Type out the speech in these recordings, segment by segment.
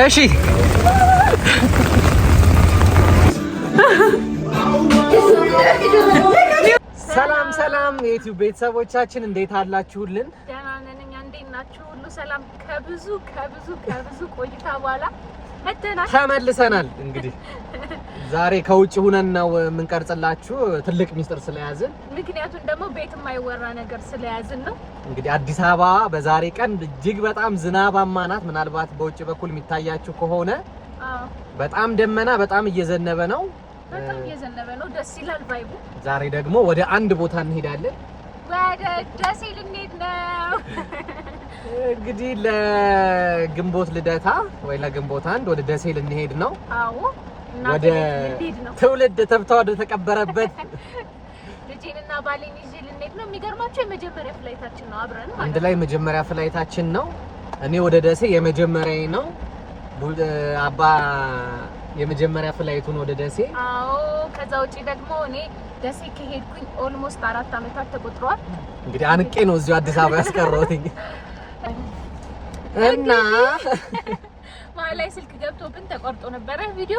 እሺ ሰላም ሰላም የዩቲዩብ ቤተሰቦቻችን እንዴት አላችሁልን? ደህና ነን እኛ። እንዴት ናችሁ? ሁሉ ሰላም? ከብዙ ከብዙ ከብዙ ቆይታ በኋላ መተናል ተመልሰናል እንግዲህ ዛሬ ከውጭ ሁነን ነው የምንቀርጽላችሁ ትልቅ ሚስጥር ስለያዝን፣ ምክንያቱም ደግሞ ቤት የማይወራ ነገር ስለያዝን ነው። እንግዲህ አዲስ አበባ በዛሬ ቀን እጅግ በጣም ዝናባማ ናት። ምናልባት በውጭ በኩል የሚታያችሁ ከሆነ በጣም ደመና በጣም እየዘነበ ነው። በጣም እየዘነበ ነው። ደስ ይላል ቫይቡ። ዛሬ ደግሞ ወደ አንድ ቦታ እንሄዳለን። ወደ ደሴ ልንሄድ ነው። እንግዲህ ለግንቦት ልደታ ወይ ለግንቦት አንድ ወደ ደሴ ልንሄድ ነው። አዎ ወደ ትውልድ ተብታ ወደ ተቀበረበት ልጄንና ባሌን ይዤ ልንሄድ ነው። የመጀመሪያ ፍላይታችን ነው አብረን አንድ ላይ የመጀመሪያ ፍላይታችን ነው። እኔ ወደ ደሴ የመጀመሪያ ነው። አባ የመጀመሪያ ፍላይቱን ወደ ደሴ። አዎ ከዛ ውጪ ደግሞ እኔ ደሴ ከሄድኩኝ ኦልሞስት አራት አመታት ተቆጥሯል። እንግዲህ አንቄ ነው እዚሁ አዲስ አበባ ያስቀረውትኝ እና ላይ ስልክ ገብቶብን ተቆርጦ ነበረ ቪዲዮ።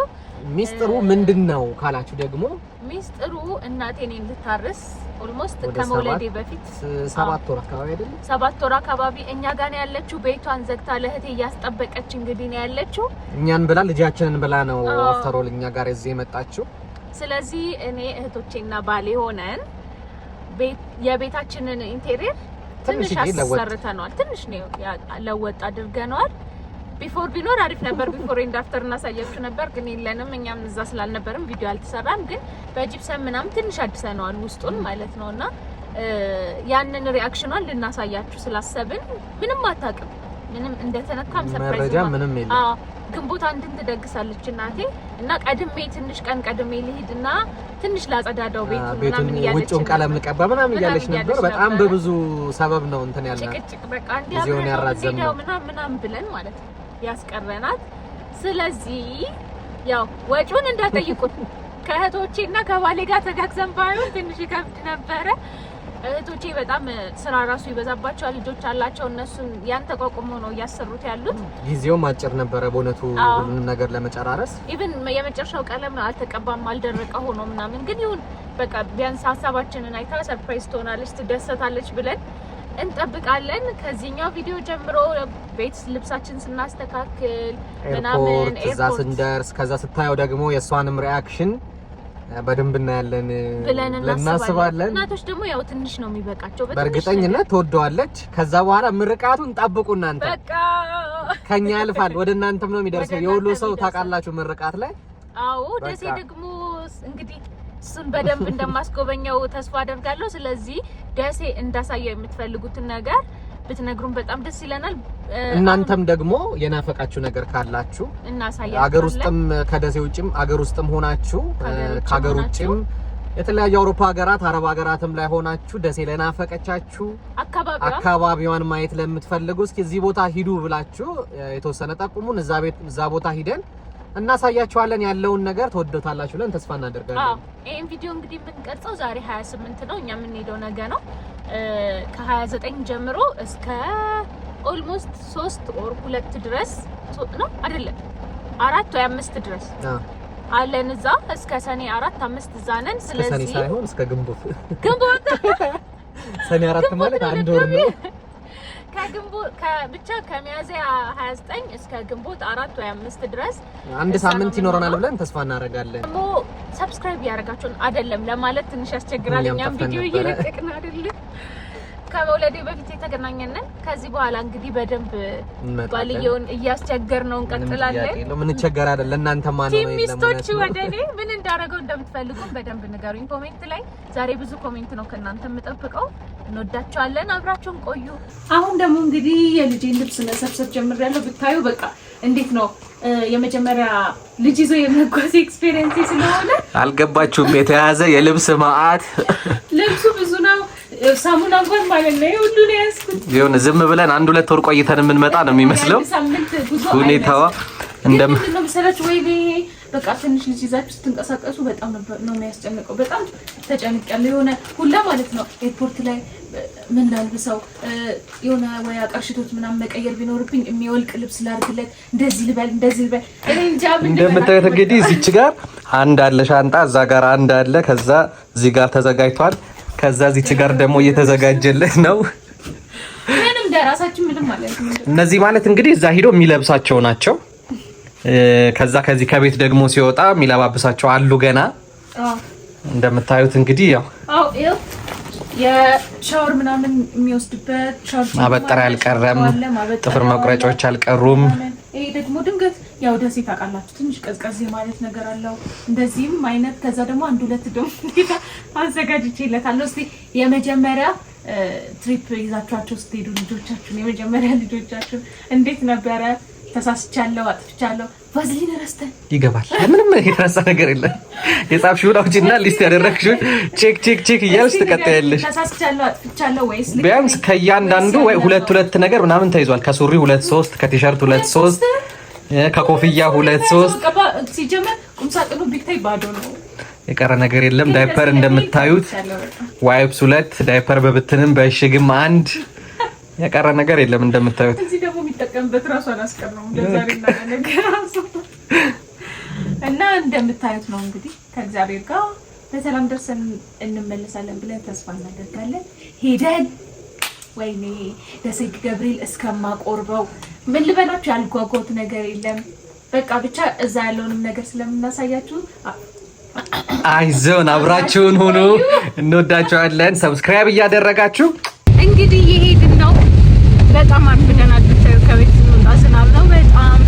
ሚስጥሩ ምንድን ነው ካላችሁ ደግሞ ሚስጥሩ እናቴ እኔ ልታርስ ኦልሞስት ከመውለዴ በፊት ሰባት ወር አካባቢ አይደለም፣ ሰባት ወር አካባቢ እኛ ጋር ያለችው። ቤቷን ዘግታ ለእህቴ እያስጠበቀች እንግዲህ ነው ያለችው። እኛን ብላ ልጃችንን ብላ ነው አፍተሮል እኛ ጋር እዚህ የመጣችው። ስለዚህ እኔ እህቶቼና ባሌ ሆነን የቤታችንን ኢንቴሪየር ትንሽ አሰርተነዋል። ትንሽ ነው ለወጥ አድርገነዋል። ቢፎር ቢኖር አሪፍ ነበር። ቢፎር ኤንድ አፍተር እናሳያችሁ ነበር፣ ግን የለንም። እኛም እዛ ስላልነበርም ቪዲዮ አልተሰራም። ግን በጂፕሰን ምናምን ትንሽ አድሰነዋል ውስጡን ማለት ነው። እና ያንን ሪአክሽኗን ልናሳያችሁ ስላሰብን ምንም አታውቅም፣ ምንም እንደተነካም ሰርፕራይዝ ምንም የለ ግንቦት አንድን ትደግሳለች እናቴ እና ቀድሜ ትንሽ ቀን ቀድሜ ልሂድና ትንሽ ላጸዳዳው ቤቱ ምናምን እያለች ውጭውን ቀለም ቀባ ምናምን እያለች ነበር። በጣም በብዙ ሰበብ ነው እንትን ያለ ጭቅጭቅ በቃ እንዲያምር ምናምን ብለን ማለት ነው ያስቀረናት። ስለዚህ ያው ወጪውን እንዳጠይቁት ከእህቶቼ እና ከባሌ ጋር ተጋግዘን ባይሆን ትንሽ ይከብድ ነበረ። እህቶቼ በጣም ስራ ራሱ ይበዛባቸዋል። ልጆች አላቸው። እነሱን ያን ተቋቁሞ ነው እያሰሩት ያሉት። ጊዜውም አጭር ነበረ በእውነቱ ሁሉንም ነገር ለመጨራረስ። ኢቭን የመጨረሻው ቀለም አልተቀባም አልደረቀ ሆኖ ምናምን፣ ግን ይሁን በቃ ቢያንስ ሀሳባችንን አይታ ሰርፕራይዝ ትሆናለች፣ ትደሰታለች ብለን እንጠብቃለን። ከዚህኛው ቪዲዮ ጀምሮ ቤት ልብሳችን ስናስተካክል ምናምን እዛ ስንደርስ፣ ከዛ ስታየው ደግሞ የእሷንም ሪያክሽን በደንብ እናያለን ብለን እናስባለን። እናቶች ደግሞ ያው ትንሽ ነው የሚበቃቸው፣ በእርግጠኝነት ትወደዋለች። ከዛ በኋላ ምርቃቱን ጠብቁ እናንተ። በቃ ከኛ ያልፋል፣ ወደ እናንተም ነው የሚደርሰው። የሁሉ ሰው ታውቃላችሁ ምርቃት ላይ። አዎ ደሴ ደግሞ እንግዲህ እሱን በደንብ እንደማስጎበኘው ተስፋ አደርጋለሁ። ስለዚህ ደሴ እንዳሳየው የምትፈልጉትን ነገር ብትነግሩን በጣም ደስ ይለናል። እናንተም ደግሞ የናፈቃችሁ ነገር ካላችሁ እናሳያለን። አገር ውስጥም ከደሴ ውጭም አገር ውስጥም ሆናችሁ ከአገር ውጭም የተለያዩ አውሮፓ ሀገራት አረብ ሀገራትም ላይ ሆናችሁ ደሴ ለናፈቀቻችሁ አካባቢዋን ማየት ለምትፈልጉ እስኪ እዚህ ቦታ ሂዱ ብላችሁ የተወሰነ ጠቁሙን። እዛ ቦታ ሂደን እናሳያችኋለን ያለውን ነገር ተወደታላችሁ ብለን ተስፋ እናደርጋለን። አዎ ይሄን ቪዲዮ እንግዲህ የምንቀርጸው ዛሬ 28 ነው። እኛ የምንሄደው ነገ ነው። ከ29 ጀምሮ እስከ ኦልሞስት 3 ኦር 2 ድረስ ነው አይደለም፣ አራት ወይ አምስት ድረስ አለን እዛ እስከ ሰኔ አራት አምስት እዛ ነን። ስለዚህ ሰኔ ሳይሆን እስከ ግንቦት ግንቦት ሰኔ አራት ማለት አንድ ወር ነው። ብቻ ከሚያዝያ 29 እስከ ግንቦት አራት ወይ አምስት ድረስ አንድ ሳምንት ይኖረናል ብለን ተስፋ እናደርጋለን። ደግሞ ሰብስክራይብ ያደረጋችሁን አይደለም ለማለት ትንሽ ያስቸግራል። እኛም ቪዲዮ እየለቀቅን አይደለም ከመውለዴ በፊት የተገናኘንን ከዚህ በኋላ እንግዲህ በደንብ ባልየውን እያስቸገር ነው እንቀጥላለን። ምን ቸገር አይደል ለእናንተ ሚስቶች፣ ወደ እኔ ምን እንዳደረገው እንደምትፈልጉም በደንብ ንገሩኝ ኮሜንት ላይ። ዛሬ ብዙ ኮሜንት ነው ከእናንተ የምጠብቀው። እንወዳቸዋለን። አብራቸውን ቆዩ። አሁን ደግሞ እንግዲህ የልጄን ልብስ መሰብሰብ ጀምሬያለሁ። ብታዩ በቃ እንዴት ነው የመጀመሪያ ልጅ ይዞ የመጓዝ ኤክስፔሪንስ ስለሆነ አልገባችሁም። የተያዘ የልብስ ማአት ልብሱ ሳሙና እንኳን ማለት ነው ሁሉ ነው ያስኩት። ይሁን ዝም ብለን አንድ ሁለት ወር ቆይተን የምንመጣ ነው የሚመስለው ሁኔታዋ እንደም በቃ ትንሽ ልጅ ይዛችሁ ስትንቀሳቀሱ በጣም ነው የሚያስጨንቀው። በጣም ተጨንቀለ የሆነ ሁላ ማለት ነው ኤርፖርት ላይ ምን እንዳልብሰው የሆነ ወይ አቀርሽቶት ምናምን መቀየር ቢኖርብኝ የሚወልቅ ልብስ ላድርግለት፣ እንደዚህ ልበል፣ እንደዚህ ልበል። እንደምታዩት እንግዲህ እዚች ጋር አንድ አለ ሻንጣ፣ እዛ ጋር አንድ አለ፣ ከዛ እዚህ ጋር ተዘጋጅቷል። ከዛ እዚች ጋር ደግሞ እየተዘጋጀልህ ነው። እነዚህ ማለት እንግዲህ እዛ ሂዶ የሚለብሳቸው ናቸው። ከዛ ከዚህ ከቤት ደግሞ ሲወጣ የሚለባብሳቸው አሉ። ገና እንደምታዩት እንግዲህ ያው የሻወር ምናምን የሚወስድበት ማበጠር አልቀረም፣ ጥፍር መቁረጫዎች አልቀሩም። ይሄ ደግሞ ድንገት ያው ደሴ ታውቃላችሁ ትንሽ ቀዝቀዝ ማለት ነገር አለው። እንደዚህም አይነት ከዛ ደግሞ አንድ ሁለት ደግሞ አዘጋጅቼለታለሁ። እስኪ የመጀመሪያ ትሪፕ ይዛችኋቸው ስትሄዱ ልጆቻችሁን የመጀመሪያ ልጆቻችሁን እንዴት ነበረ? ተሳስቻለሁ፣ አጥፍቻለሁ፣ ቫዝሊን ረስተን ይገባል። ምንም የተረሳ ነገር የለም። የጻፍሽውን አውጪና ሊስት ያደረግሽውን ቼክ ቼክ ቼክ እያልሽ ትቀጥያለሽ። ቢያንስ ከእያንዳንዱ ወይ ሁለት ሁለት ነገር ምናምን ተይዟል። ከሱሪ ሁለት ሶስት ከቲሸርት ሁለት ሶስት ከኮፍያ ሁለት ሶስት ሲጀመር ቁምሳጥኑ ቢታይ ባዶ ነው። የቀረ ነገር የለም። ዳይፐር እንደምታዩት ዋይፕስ ሁለት ዳይፐር በብትንም በእሽግም አንድ የቀረ ነገር የለም። እንደምታዩት እዚህ ደግሞ የሚጠቀምበት ራሱ አላስቀረውም እና እንደምታዩት ነው እንግዲህ ከእግዚአብሔር ጋር በሰላም ደርሰን እንመለሳለን ብለን ተስፋ እናደርጋለን ሄደን ወይኔ ደሴት ገብርኤል እስከማቆርበው ምን ልበላችሁ፣ ያልጓጓሁት ነገር የለም። በቃ ብቻ እዛ ያለውንም ነገር ስለምናሳያችሁ አይዞን፣ አብራችሁን ሁኑ። እንወዳችኋለን። ሰብስክራይብ እያደረጋችሁ እንግዲህ የሄድን ነው። በጣም አርፍደናል። ከቤት ስንወጣ ዝናብ ነው በጣም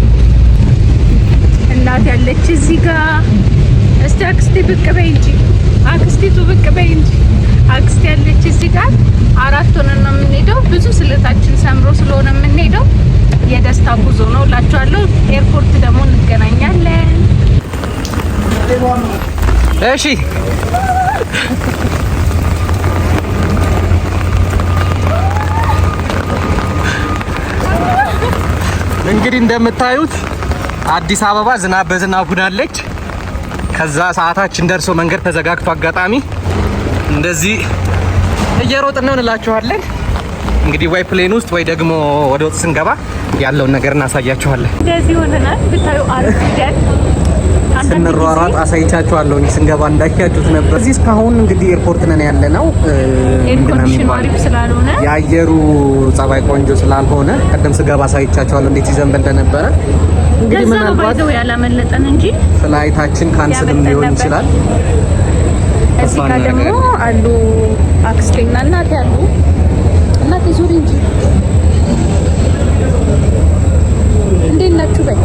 እናት ያለች እዚህ ጋር። እስቲ አክስቴ ብቅ በይ እንጂ አክስቴቱ ብቅ በይ እንጂ አክስት ያለች እዚህ ጋር አራት ሆነን ነው የምንሄደው። ብዙ ስለታችን ሰምሮ ስለሆነ የምንሄደው የደስታ ጉዞ ነው እላችኋለሁ። ኤርፖርት ደግሞ እንገናኛለን። እሺ እንግዲህ እንደምታዩት አዲስ አበባ ዝናብ በዝናብ ሁናለች። ከዛ ሰዓታችን ደርሶ መንገድ ተዘጋግቶ አጋጣሚ እንደዚህ እየሮጥን ነው እንላችኋለን። እንግዲህ ወይ ፕሌን ውስጥ ወይ ደግሞ ወደ ውስጥ ስንገባ ያለውን ነገር እናሳያችኋለን። እንደዚህ ሆነናል ብታዩ አሪፍ ስንሯሯጥ አሳይቻችኋለሁ። ስንገባ እንዳያችሁት ነበር። እዚህ እስካሁን እንግዲህ ኤርፖርት ነን ያለ ነው። የአየሩ ጸባይ ቆንጆ ስላልሆነ ቀደም ስገባ አሳይቻችኋለሁ እንዴት ይዘንብ እንደነበረ። እንግዲህ ምናልባት ያላመለጠን እንጂ ፍላይታችን ካንስልም ሊሆን ይችላል እዚህ ጋር ደግሞ አሉ አክስቴና እናቴ አሉ። እናቴ ዙሪ እንጂ እንዴት ናችሁ? በይ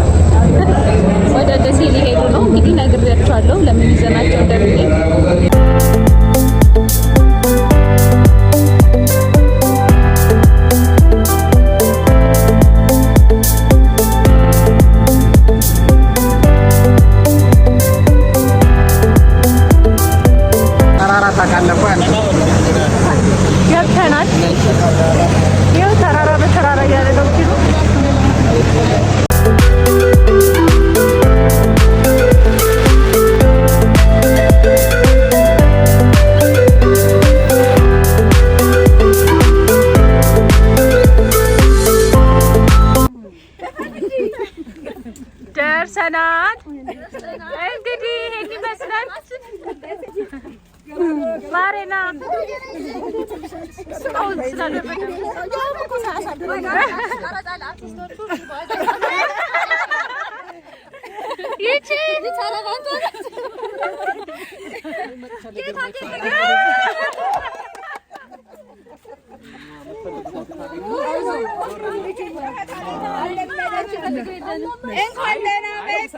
ወደ ደሴ ሊሄዱ ነው እንግዲህ ነግሬያቸዋለሁ ለምን ይዘናቸው እንደሚሄድ ናት። እንግዲህ ይሄን ይመስላል ማሬና እንኳን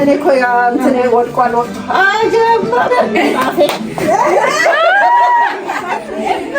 እኔ እኮ ያው እንትን ወድቋል ወድቋል። አይ ጀመረ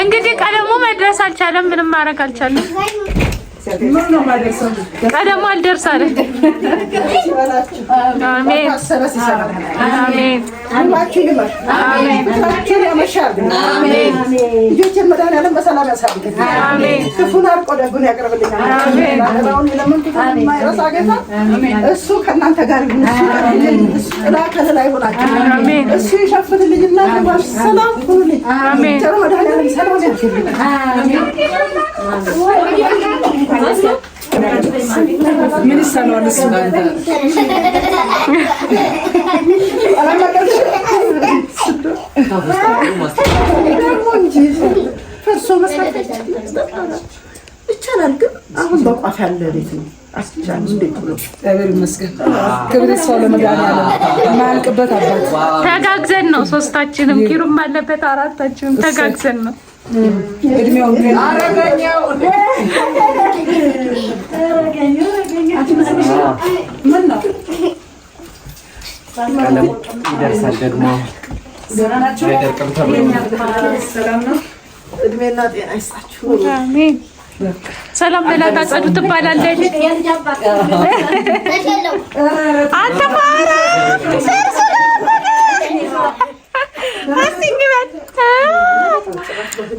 እንግዲህ ቀለሙ መድረስ አልቻለም። ምንም ማድረግ አልቻለም። ቀደም አልደርስ አለ። ክፉን አርቆ ደጉን ያቅርብልኛል። የማይረሳ ጌታ እሱ ከእናንተ ጋር ይሁን። እሱ ጥላ ከለላ ሰላም ሁኑልኝ። ይሳነዋል እሱ አሁን በቋፍ ያለ ቤት ነው። እግዚአብሔር ይመስገን። ክብር ለመድኃኒዓለም የማያልቅበት አባት። ተጋግዘን ነው ሶስታችንም፣ ኪሩም አለበት አራታችንም ተጋግዘን ነው እድሜው ቀለም ይደርሳል ደግሞ አይደርቅም ተብሎ ሰላም በላት። አጸዱ ትባላለች። አንተ